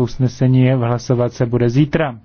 Usnesení je hlasovat se bude zítra.